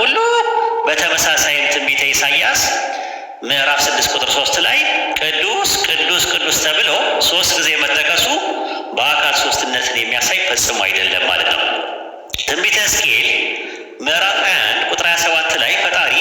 ሁሉ በተመሳሳይም ትንቢተ ኢሳይያስ ምዕራፍ ስድስት ቁጥር ሶስት ላይ ቅዱስ ቅዱስ ቅዱስ ተብሎ ሶስት ጊዜ መጠቀሱ በአካል ሶስትነትን የሚያሳይ ፈጽሞ አይደለም ማለት ነው። ትንቢተ ሕዝቅኤል ምዕራፍ 21 ቁጥር 27 ላይ ፈጣሪ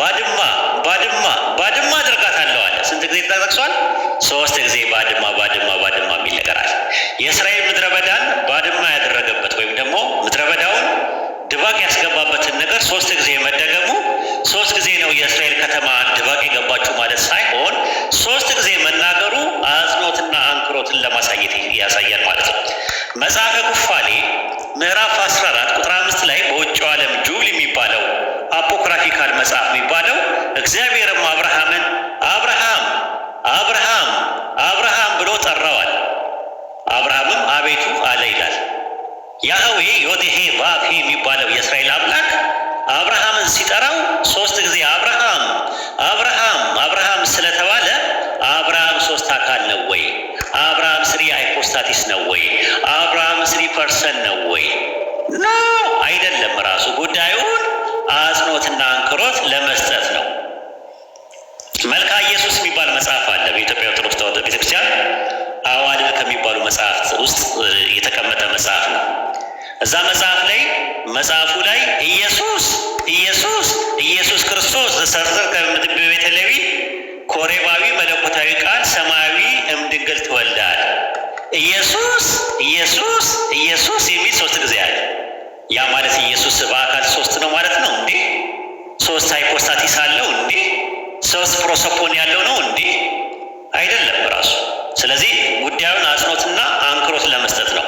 ባድማ ባድማ ባድማ አድርጋታለሁ አለ። ስንት ጊዜ ተጠቅሷል? ሶስት ጊዜ ባድማ ከተማ ድባብ የገባችሁ ማለት ሳይሆን ሶስት ጊዜ መናገሩ አጽንኦትና አንክሮትን ለማሳየት ያሳያል ማለት ነው። መጽሐፈ ኩፋሌ ምዕራፍ 14 ቁጥር አምስት ላይ በውጭ ዓለም ጁል የሚባለው አፖክራፊካል መጽሐፍ የሚባለው እግዚአብሔርም አብርሃምን አብርሃም አብርሃም አብርሃም ብሎ ጠራዋል። አብርሃምም አቤቱ አለ ይላል። ያህዌ ዮዴሄ ባፌ የሚባለው የእስራኤል አምላክ አብርሃምን ሲጠራው ሶስት ጊዜ አብርሃም ሳቲስ ነው ወይ? አብርሃም ስሪ ፐርሰን ነው ወይ? ኖ አይደለም። ራሱ ጉዳዩን አጽንኦትና አንክሮት ለመስጠት ነው። መልካ ኢየሱስ የሚባል መጽሐፍ አለ በኢትዮጵያ ኦርቶዶክስ ተዋሕዶ ቤተክርስቲያን አዋልድ ከሚባሉ መጽሐፍት ውስጥ የተቀመጠ መጽሐፍ ነው። እዛ መጽሐፍ ላይ መጽሐፉ ላይ ኢየሱስ ኢየሱስ ኢየሱስ ክርስቶስ ዘሰርዘር ከምድብ ሌዊ ኮሬባዊ መለኮታዊ ቃል ሰማያዊ እምድንግል ትወልዳል ኢየሱስ ኢየሱስ ኢየሱስ የሚል ሶስት ጊዜ አለ። ያ ማለት ኢየሱስ በአካል ሶስት ነው ማለት ነው እንዴ? ሶስት ሃይፖስታቲስ አለው እንዴ? ሶስት ፕሮሶፖን ያለው ነው እንዴ? አይደለም ራሱ። ስለዚህ ጉዳዩን አጽንኦትና አንክሮት ለመስጠት ነው።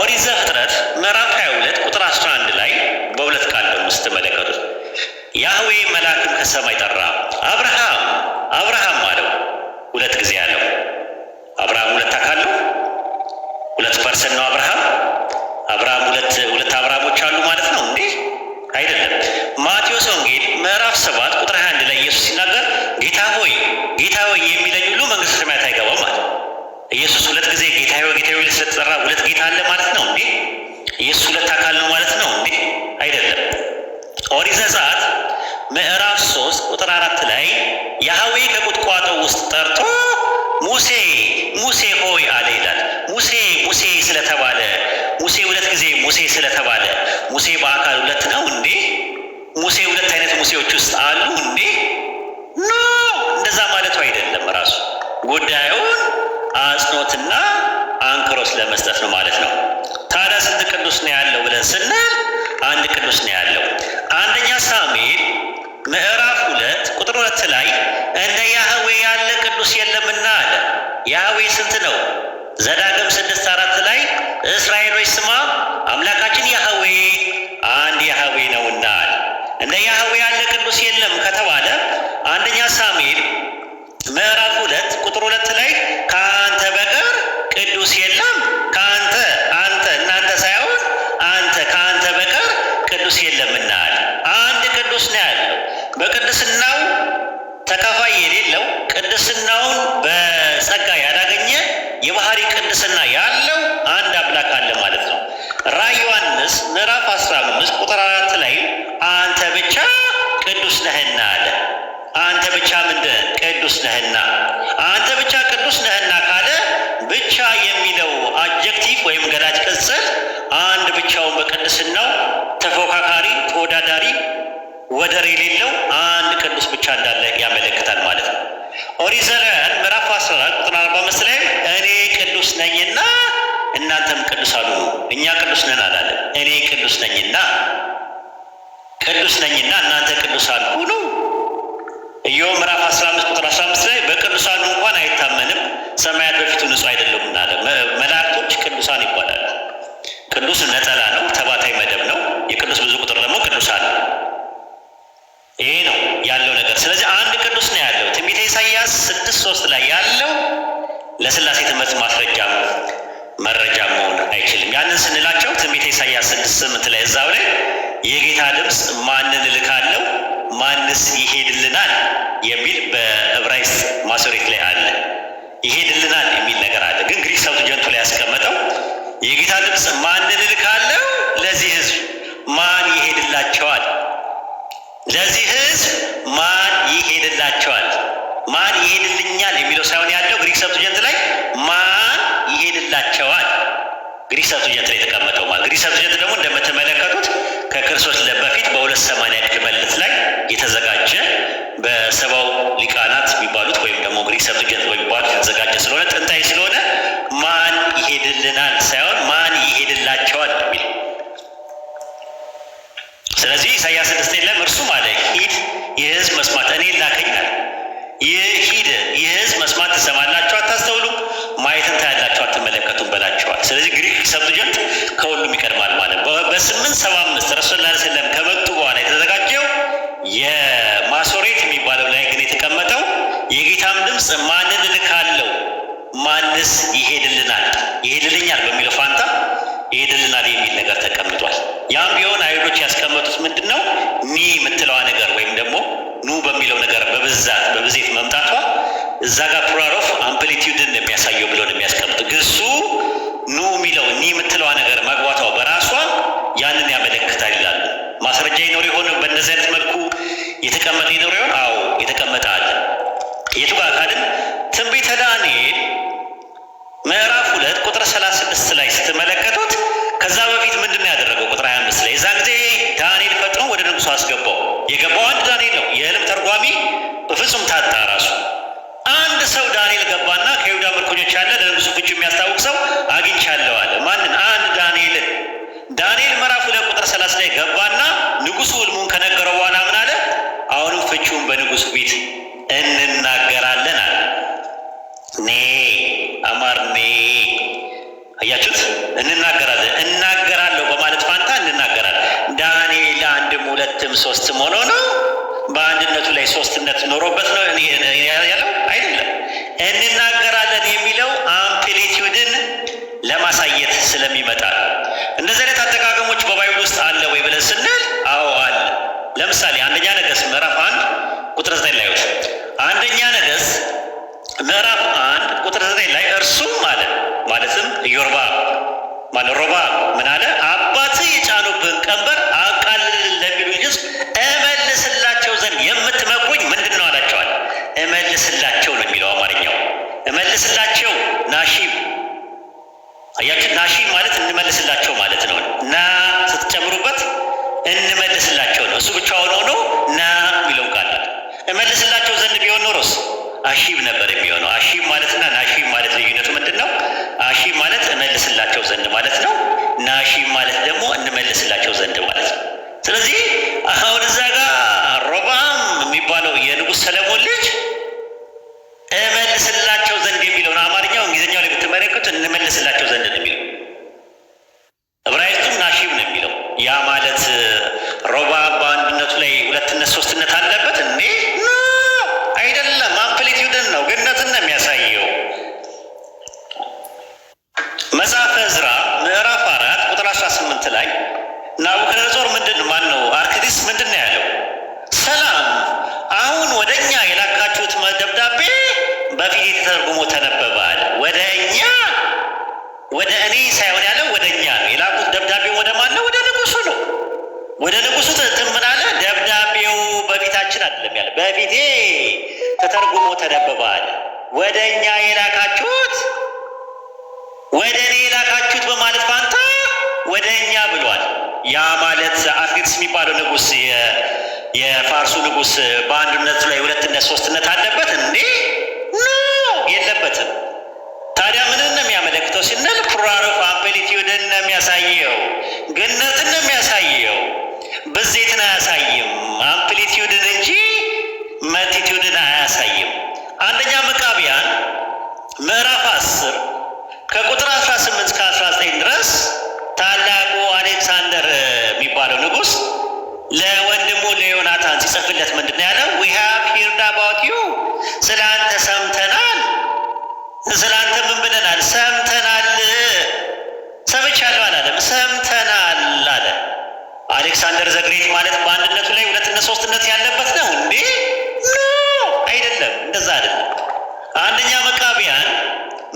ኦሪት ዘፍጥረት ምዕራፍ 22 ቁጥር 11 ላይ በሁለት ቃል ደግሞ ስትመለከቱት ያህዌ መልአክም ከሰማይ ጠራ፣ አብርሃም አብርሃም አለው። አርሰን ነው አብርሃም አብርሃም ሁለት ሁለት አብርሃሞች አሉ ማለት ነው እንዴ? አይደለም። ማቴዎስ ወንጌል ምዕራፍ ሰባት ቁጥር 21 ላይ ኢየሱስ ሲናገር ጌታ ሆይ ጌታ ሆይ የሚለኝ ሁሉ መንግስተ ሰማያት አይገባም ማለት ኢየሱስ ሁለት ጊዜ ጌታ ሆይ ጌታ ሆይ ስለተጠራ ሁለት ጌታ አለ ማለት ነው እንዴ? ኢየሱስ ሁለት አካል ነው ማለት ነው እንዴ? አይደለም። ኦሪት ዘጸአት ምዕራፍ ሶስት ቁጥር አራት ላይ ያህዌ ከቁጥቋጦ ውስጥ ጠርቶ ስለተባለ ሙሴ በአካል ሁለት ነው እንዴ? ሙሴ ሁለት አይነት ሙሴዎች ውስጥ አሉ እንዴ? ኖ እንደዛ ማለቱ አይደለም። ራሱ ጉዳዩን አጽንኦትና አንክሮስ ለመስጠት ነው ማለት ነው። ታዲያ ስንት ቅዱስ ነው ያለው ብለን ስንል አንድ ቅዱስ ነው ያለው። አንደኛ ሳሙኤል ምዕራፍ ሁለት ቁጥር ሁለት ላይ እንደ ያህዌ ያለ ቅዱስ የለምና አለ። ያህዌ ስንት ነው? ዘዳግም ስድስት አራት ላይ እስራኤሎች ስማ አምላካችን ያህዌ አንድ ያህዌ ነውና እንደ ያህዌ ያለ ቅዱስ የለም ከተባለ አንደኛ ሳሙኤል ምዕራፍ ሁለት ቁጥር ሁለት ላይ ከአንተ በቀር ቅዱስ የለም ከአንተ አንተ እናንተ ሳይሆን አንተ ከአንተ በቀር ቅዱስ የለምና አለ። አንድ ቅዱስ ነው ያለው በቅድስናው ተካፋይ የሌለው ቅድስናውን ነህና አለ። አንተ ብቻ ምንድን ቅዱስ ነህና አንተ ብቻ ቅዱስ ነህና ካለ ብቻ የሚለው አጀክቲቭ ወይም ገላጭ ቅጽል አንድ ብቻውን በቅድስናው ተፎካካሪ፣ ተወዳዳሪ፣ ወደር የሌለው አንድ ቅዱስ ብቻ እንዳለ ያመለክታል ማለት ነው። ኦሪት ዘሌዋውያን ምዕራፍ 14 ቁጥር 45 ላይ እኔ ቅዱስ ነኝና እናንተም ቅዱሳን እኛ ቅዱስ ነን አላለም። እኔ ቅዱስ ነኝና ቅዱስ ነኝና እናንተ ቅዱሳን ሁኑ። ኢዮብ ምዕራፍ 15 ቁጥር 15 ላይ በቅዱሳኑ እንኳን አይታመንም ሰማያት በፊቱ ንጹ አይደለምና እናለ። መላእክቶች ቅዱሳን ይባላሉ። ቅዱስ ነጠላ ነው፣ ተባታይ መደብ ነው። የቅዱስ ብዙ ቁጥር ደግሞ ቅዱሳን ነው። ይሄ ነው ያለው ነገር። ስለዚህ አንድ ቅዱስ ነው ያለው። ትንቢተ ኢሳይያስ ሶስት ላይ ያለው ለስላሴ ትምህርት ማስረጃ መረጃ መሆን አይችልም። ያንን ስንላቸው ትንቢተ ኢሳይያስ 6:8 ላይ እዛው ላይ የጌታ ድምፅ ማንን እልካለሁ ማንስ ይሄድልናል የሚል በዕብራይስጥ ማሶሬት ላይ አለ። ይሄድልናል የሚል ነገር አለ። ግን ግሪክ ሰብትጀንቱ ላይ ያስቀመጠው የጌታ ድምፅ ማንን እልካለሁ ለዚህ ህዝብ ማን ይሄድላቸዋል? ለዚህ ህዝብ ማን ይሄድላቸዋል? ማን ይሄድልኛል የሚለው ሳይሆን ያለው ግሪክ ሰብትጀንት ላይ ማን ይሄድላቸዋል? ግሪክ ሰብትጀንት ላይ የተቀመጠው ማለት ግሪክ ሰብትጀንት ደግሞ እንደምትመለከቱት ከክርስቶስ በፊት በሁለት ሰማንያ ቅበለት ላይ የተዘጋጀ በሰባው ሊቃናት የሚባሉት ወይም ደግሞ ግሪክ ሰብትጀንት በሚባሉት የተዘጋጀ ስለሆነ ጥንታዊ ስለሆነ ማን ይሄድልናል ሳይሆን ማን ይሄድላቸዋል የሚል ስለዚህ ኢሳያስ ስድስት ለም እርሱም አለ ሂድ የህዝብ መስማት እኔ ላከኛል ይህ ሂድ የህዝብ መስማት ትሰማላቸው አታስተውሉም ማየትን ታያላቸው አትመለከቱም በላቸዋል ስለዚህ ግሪክ ሰብትጀንት ከሁሉም ይቀድማል ማለት በስምንት ሰባ ስላ ስለም ከመጡ በኋላ የተዘጋጀው የማሶሬት የሚባለው ላይ ግን የተቀመጠው የጌታም ድምፅ ማንን ልካለው ማንስ ይሄድልናል ይሄድልኛል በሚለው ፋንታ ይሄድልናል የሚል ነገር ተቀምጧል። ያም ቢሆን አይሁዶች ያስቀመጡት ምንድን ነው ኒ የምትለዋ ነገር ወይም ደግሞ ኑ በሚለው ነገር በብዛት በብዜት መምጣቷ እዛ ጋር ፕራሮፍ አምፕሊቲዩድን የሚያሳየው ብሎ የሚያስቀምጡ ግሱ ኑ የሚለው ኒ የምትለዋ ነገር መግባቷ በራሷ ያንን ያመ ማስረጃ ይኖር ይሆን? በእንደዚህ አይነት መልኩ የተቀመጠ ይኖር ይሆን? አዎ የተቀመጠ አለ። የቱ ጋር ካልን ትንቢተ ዳንኤል ምዕራፍ ሁለት ቁጥር ሰላሳ ስድስት ላይ ስትመለከቱት ከዛ በፊት ምንድን ነው ያደረገው? ቁጥር ሀያ አምስት ላይ የዛ ጊዜ ዳንኤል ፈጥኖ ወደ ንጉሱ አስገባው። የገባው አንድ ዳንኤል ነው። የህልም ተርጓሚ በፍጹም ታጣ። ራሱ አንድ ሰው ዳንኤል ገባና ከይሁዳ ምርኮኞች ያለ ለንጉሱ ፍቺ የሚያስታውቅ ሰው አግኝቻለዋል ከነገረው በኋላ ምን አለ? አሁንም ፍቺውን በንጉሱ ቤት እንናገራለን አለ። ኔ አማር ኔ አያችሁት? እንናገራለን እናገራለሁ በማለት ፋንታ እንናገራለን። ዳንኤል አንድም ሁለትም ሶስትም ሆኖ ነው በአንድነቱ ላይ ሶስትነት ኖሮበት ነው ያለው አይደለም። እንናገራለን የሚለው አምፕሊቲዩድን ለማሳየት ስለሚመጣ እንደዚህ አይነት አንደኛ ነገሥት ምዕራፍ አንድ ቁጥር ዘጠኝ ላይ አንደኛ ነገሥት ምዕራፍ አንድ ቁጥር ዘጠኝ ላይ እርሱም አለ ማለትም ኢዮርባ ማለ ሮባ ምን አለ አባት የጫኑብን ቀንበር አቃልል ለሚሉኝ ህዝብ እመልስላቸው ዘንድ የምትመክሩኝ ምንድን ነው አላቸዋል። እመልስላቸው ነው የሚለው አማርኛው። እመልስላቸው ናሺም አያችን ናሺም ማለት እንመልስላቸው ማለት ነው። ና ስትጨምሩበት እንመልስላቸው ነው። እሱ ብቻ ሆኖ ና የሚለው ቃል እመልስላቸው ዘንድ ቢሆን ኖሮስ አሺብ ነበር የሚሆነው። አሺብ ማለትና ናሺብ ማለት ልዩነቱ ምንድን ነው? አሺብ ማለት እመልስላቸው ዘንድ ማለት ነው። ናሺብ ማለት ደግሞ እንመልስላቸው ዘንድ ማለት ነው። ስለዚህ አሁን እዛ ጋር ሮባም የሚባለው የንጉሥ ሰለሞን ልጅ እመልስላቸው ዘንድ የሚለውን አማርኛው እንግሊዝኛው ላይ ብትመለከቱት እንመልስላቸው ገነትን ነው ገነትን ነው የሚያሳየው። መጽሐፈ ዕዝራ ምዕራፍ አራት ቁጥር አስራ ስምንት ላይ ናቡከደነጾር ምንድን ማን ነው አርክዲስ ምንድን ነው ያለው? ሰላም አሁን ወደ እኛ የላካችሁት ደብዳቤ በፊት ተተርጉሞ ተነበባል። ወደ እኛ ወደ እኔ ሳይሆን ያለው ወደ እኛ ነው የላኩት ደብዳቤ ወደ ማን ነው? ወደ ንጉሱ ነው። ወደ ንጉሱ ትምናለ ደብዳቤው በፊታችን አይደለም ያለ በፊቴ ተተርጉሞ ተነበባል። ወደ እኛ የላካችሁት ወደ እኔ የላካችሁት በማለት ፋንታ ወደ እኛ ብሏል። ያ ማለት አትሌቲክስ የሚባለው ንጉስ፣ የፋርሱ ንጉስ በአንድነት ላይ ሁለትነት ሶስትነት አለበት። አንደኛ መቃቢያን ምዕራፍ 10 ከቁጥር 18 እስከ 19 ድረስ ታላቁ አሌክሳንደር የሚባለው ንጉስ ለወንድሙ ለዮናታን ሲጽፍለት ምንድን ነው ያለው? ዊ ሃቭ ሂርድ አባውት ዩ ስለ አንተ ሰምተናል። ስለ አንተ ምን ብለናል? ሰምተናል። ሰምቻለሁ አላለም፣ ሰምተናል አለ። አሌክሳንደር ዘግሬት ማለት በአንድነቱ ላይ ሁለትነት ሶስትነት ያለበት ነው እንዴ?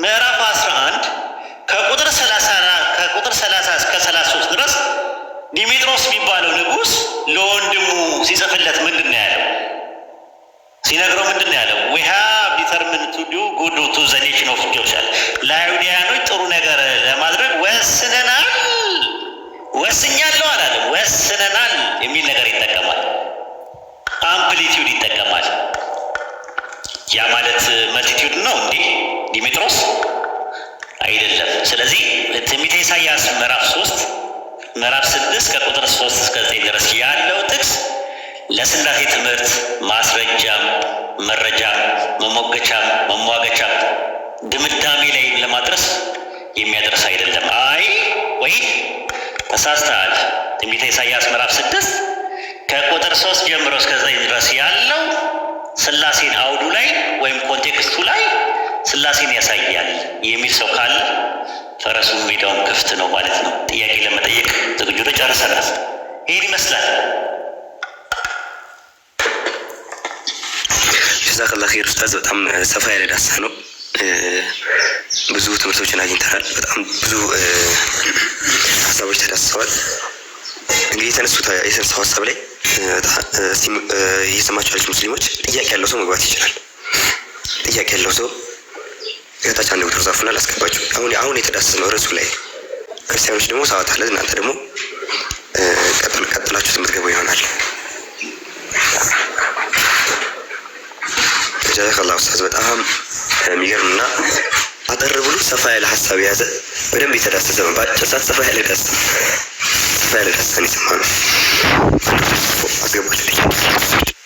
ምዕራፍ 11 ከቁጥር 34 ከቁጥር 30 እስከ 33 ድረስ ዲሜጥሮስ የሚባለው ንጉስ ለወንድሙ ሲጽፍለት ምንድን ነው ያለው? ሲነግረው ምንድን ነው ያለው? we have determined to do good to the nation of Joshua ለአይሁዳውያኖች ጥሩ ነገር ለማድረግ ወስነናል፣ ወስኛለሁ አላለም። ወስነናል የሚል ነገር ይጠቀማል፣ አምፕሊቲዩድ ይጠቀማል። ያ ማለት መልቲቲዩድ ነው እንዴ ዲሜጥሮስ? አይደለም። ስለዚህ ትንቢተ ኢሳያስ ምዕራፍ ሶስት ምዕራፍ ስድስት ከቁጥር ሶስት እስከ ዘጠኝ ድረስ ያለው ጥቅስ ለስላሴ ትምህርት ማስረጃም መረጃም መሞገቻም መሟገቻም ድምዳሜ ላይ ለማድረስ የሚያደርስ አይደለም። አይ ወይ ተሳስተሃል። ትንቢተ ኢሳያስ ምዕራፍ ስድስት ከቁጥር ሶስት ጀምሮ እስከ ዘጠኝ ድረስ ያለው ስላሴን አውዱ ላይ ወይም ኮንቴክስቱ ላይ ስላሴን ያሳያል የሚል ሰው ካለ ፈረሱን ሜዳውን ክፍት ነው ማለት ነው። ጥያቄ ለመጠየቅ ዝግጁ ነው። ጨርሰናል። ይመስላል። ጀዛከላ ኸይር ኡስታዝ። በጣም ሰፋ ያለ ዳሳ ነው። ብዙ ትምህርቶችን አግኝተናል። በጣም ብዙ ሀሳቦች ተዳስሰዋል። እንግዲህ የተነሱት የተነሳው ሀሳብ ላይ ያለች ሙስሊሞች፣ ጥያቄ ያለው ሰው መግባት ይችላል። ጥያቄ ያለው ሰው እህታች አንድ ቁጥር ጻፉና ላስገባችሁ። አሁን አሁን ነው ርዕሱ ላይ ክርስቲያኖች ደግሞ ሰዓት አለ። እናንተ ደግሞ ቀጥላችሁ የምትገቡ ይሆናል። ጀዛከላሁ ኡስታዝ በጣም የሚገርም እና አጠር ብሎ ሰፋ ያለ ሀሳብ የያዘ በደንብ የተዳሰሰ ነው። በአጭር ሰዓት ሰፋ ያለ ዳሰሳ വേറെ രസമാണ് അതിനെ